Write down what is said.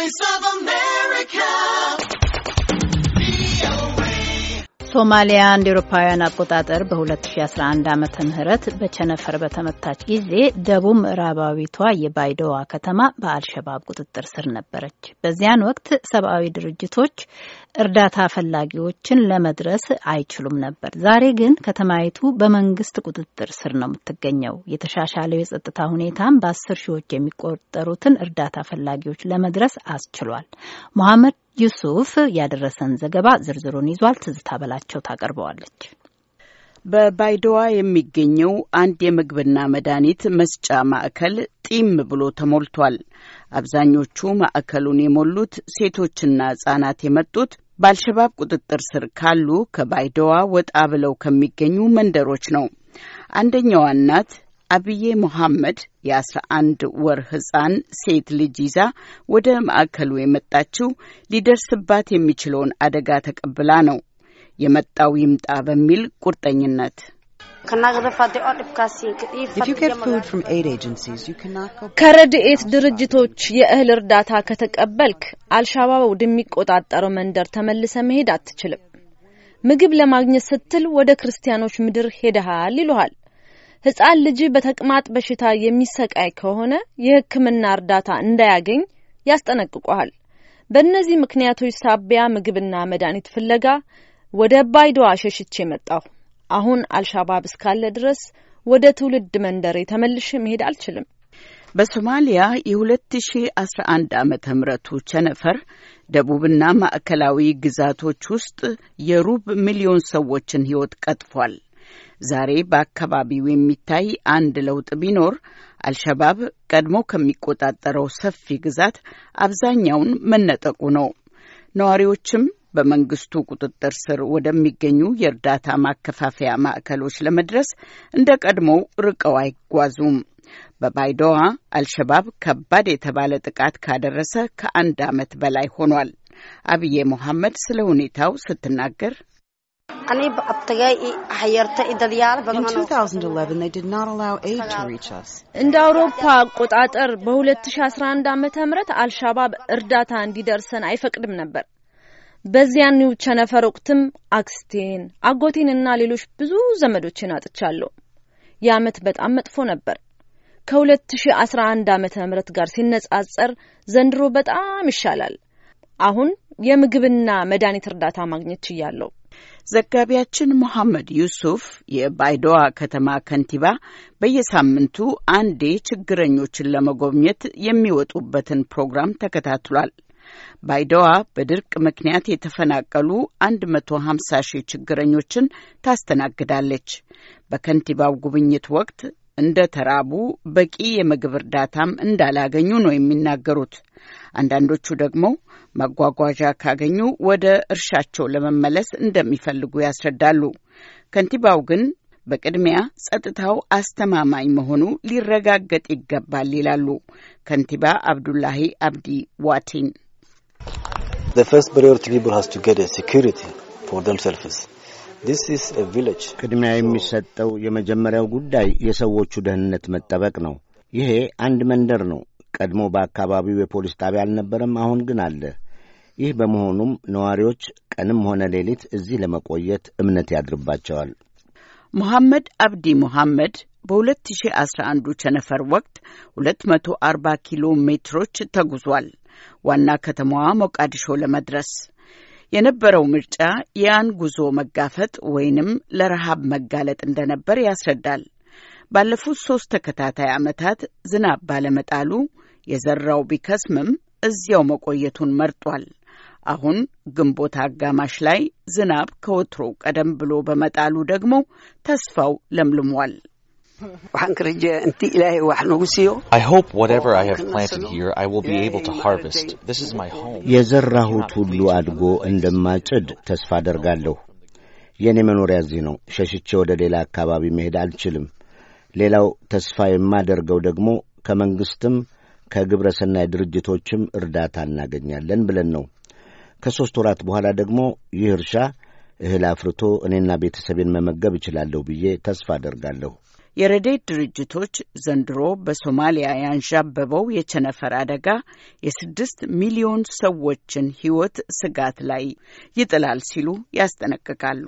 Voice of America. ሶማሊያ እንደ ኤሮፓውያን አቆጣጠር በ2011 ዓ ምህረት በቸነፈር በተመታች ጊዜ ደቡብ ምዕራባዊቷ የባይዶዋ ከተማ በአልሸባብ ቁጥጥር ስር ነበረች። በዚያን ወቅት ሰብአዊ ድርጅቶች እርዳታ ፈላጊዎችን ለመድረስ አይችሉም ነበር። ዛሬ ግን ከተማይቱ በመንግስት ቁጥጥር ስር ነው የምትገኘው። የተሻሻለው የጸጥታ ሁኔታም በአስር ሺዎች የሚቆጠሩትን እርዳታ ፈላጊዎች ለመድረስ አስችሏል። መሐመድ ዩሱፍ ያደረሰን ዘገባ ዝርዝሩን ይዟል። ትዝታ በላቸው ታቀርበዋለች። በባይደዋ የሚገኘው አንድ የምግብና መድኃኒት መስጫ ማዕከል ጢም ብሎ ተሞልቷል። አብዛኞቹ ማዕከሉን የሞሉት ሴቶችና ሕጻናት የመጡት በአልሸባብ ቁጥጥር ስር ካሉ ከባይደዋ ወጣ ብለው ከሚገኙ መንደሮች ነው። አንደኛዋ እናት አብዬ ሙሐመድ የ11 ወር ህፃን ሴት ልጅ ይዛ ወደ ማዕከሉ የመጣችው ሊደርስባት የሚችለውን አደጋ ተቀብላ ነው። የመጣው ይምጣ በሚል ቁርጠኝነት ከረድኤት ድርጅቶች የእህል እርዳታ ከተቀበልክ አልሻባብ ወደሚቆጣጠረው መንደር ተመልሰ መሄድ አትችልም። ምግብ ለማግኘት ስትል ወደ ክርስቲያኖች ምድር ሄደሃል ይሉሃል። ህጻን ልጅ በተቅማጥ በሽታ የሚሰቃይ ከሆነ የህክምና እርዳታ እንዳያገኝ ያስጠነቅቋል። በእነዚህ ምክንያቶች ሳቢያ ምግብና መድኃኒት ፍለጋ ወደ ባይዶዋ ሸሽቼ መጣሁ። አሁን አልሻባብ እስካለ ድረስ ወደ ትውልድ መንደሬ ተመልሼ መሄድ አልችልም። በሶማሊያ የ2011 ዓ ምቱ ቸነፈር ደቡብና ማዕከላዊ ግዛቶች ውስጥ የሩብ ሚሊዮን ሰዎችን ሕይወት ቀጥፏል። ዛሬ በአካባቢው የሚታይ አንድ ለውጥ ቢኖር አልሸባብ ቀድሞ ከሚቆጣጠረው ሰፊ ግዛት አብዛኛውን መነጠቁ ነው። ነዋሪዎችም በመንግስቱ ቁጥጥር ስር ወደሚገኙ የእርዳታ ማከፋፈያ ማዕከሎች ለመድረስ እንደ ቀድሞው ርቀው አይጓዙም። በባይዶዋ አልሸባብ ከባድ የተባለ ጥቃት ካደረሰ ከአንድ ዓመት በላይ ሆኗል። አብዬ መሐመድ ስለ ሁኔታው ስትናገር እንደ አውሮፓ አቆጣጠር በ2011 ዓ ም አልሻባብ እርዳታ እንዲደርሰን አይፈቅድም ነበር። በዚያኒው ቸነፈር ወቅትም አክስቴን፣ አጎቴንና ሌሎች ብዙ ዘመዶችን አጥቻለሁ። የአመት በጣም መጥፎ ነበር። ከ2011 ዓ ም ጋር ሲነጻጸር ዘንድሮ በጣም ይሻላል። አሁን የምግብና መድኃኒት እርዳታ ማግኘት ችያለሁ። ዘጋቢያችን መሐመድ ዩሱፍ የባይዶዋ ከተማ ከንቲባ በየሳምንቱ አንዴ ችግረኞችን ለመጎብኘት የሚወጡበትን ፕሮግራም ተከታትሏል። ባይዶዋ በድርቅ ምክንያት የተፈናቀሉ 150 ሺህ ችግረኞችን ታስተናግዳለች። በከንቲባው ጉብኝት ወቅት እንደ ተራቡ በቂ የምግብ እርዳታም እንዳላገኙ ነው የሚናገሩት። አንዳንዶቹ ደግሞ መጓጓዣ ካገኙ ወደ እርሻቸው ለመመለስ እንደሚፈልጉ ያስረዳሉ። ከንቲባው ግን በቅድሚያ ጸጥታው አስተማማኝ መሆኑ ሊረጋገጥ ይገባል ይላሉ ከንቲባ አብዱላሂ አብዲ ዋቲን። ቅድሚያ የሚሰጠው የመጀመሪያው ጉዳይ የሰዎቹ ደህንነት መጠበቅ ነው። ይሄ አንድ መንደር ነው። ቀድሞ በአካባቢው የፖሊስ ጣቢያ አልነበረም፣ አሁን ግን አለ። ይህ በመሆኑም ነዋሪዎች ቀንም ሆነ ሌሊት እዚህ ለመቆየት እምነት ያድርባቸዋል። ሙሐመድ አብዲ ሙሐመድ በ2011 ቸነፈር ወቅት 240 ኪሎ ሜትሮች ተጉዟል ዋና ከተማዋ ሞቃዲሾ ለመድረስ። የነበረው ምርጫ ያን ጉዞ መጋፈጥ ወይንም ለረሃብ መጋለጥ እንደነበር ያስረዳል። ባለፉት ሶስት ተከታታይ ዓመታት ዝናብ ባለመጣሉ የዘራው ቢከስምም እዚያው መቆየቱን መርጧል። አሁን ግንቦት አጋማሽ ላይ ዝናብ ከወትሮ ቀደም ብሎ በመጣሉ ደግሞ ተስፋው ለምልሟል። waxaan ka rajeeyaa የዘራሁት ሁሉ አድጎ እንደማጭድ ተስፋ አደርጋለሁ። የእኔ መኖሪያ እዚህ ነው። ሸሽቼ ወደ ሌላ አካባቢ መሄድ አልችልም። ሌላው ተስፋ የማደርገው ደግሞ ከመንግሥትም ከግብረ ሰናይ ድርጅቶችም እርዳታ እናገኛለን ብለን ነው። ከሦስት ወራት በኋላ ደግሞ ይህ እርሻ እህል አፍርቶ እኔና ቤተሰቤን መመገብ እችላለሁ ብዬ ተስፋ አደርጋለሁ። የረዴድ ድርጅቶች ዘንድሮ በሶማሊያ ያንዣበበው የቸነፈር አደጋ የስድስት ሚሊዮን ሰዎችን ሕይወት ስጋት ላይ ይጥላል ሲሉ ያስጠነቅቃሉ።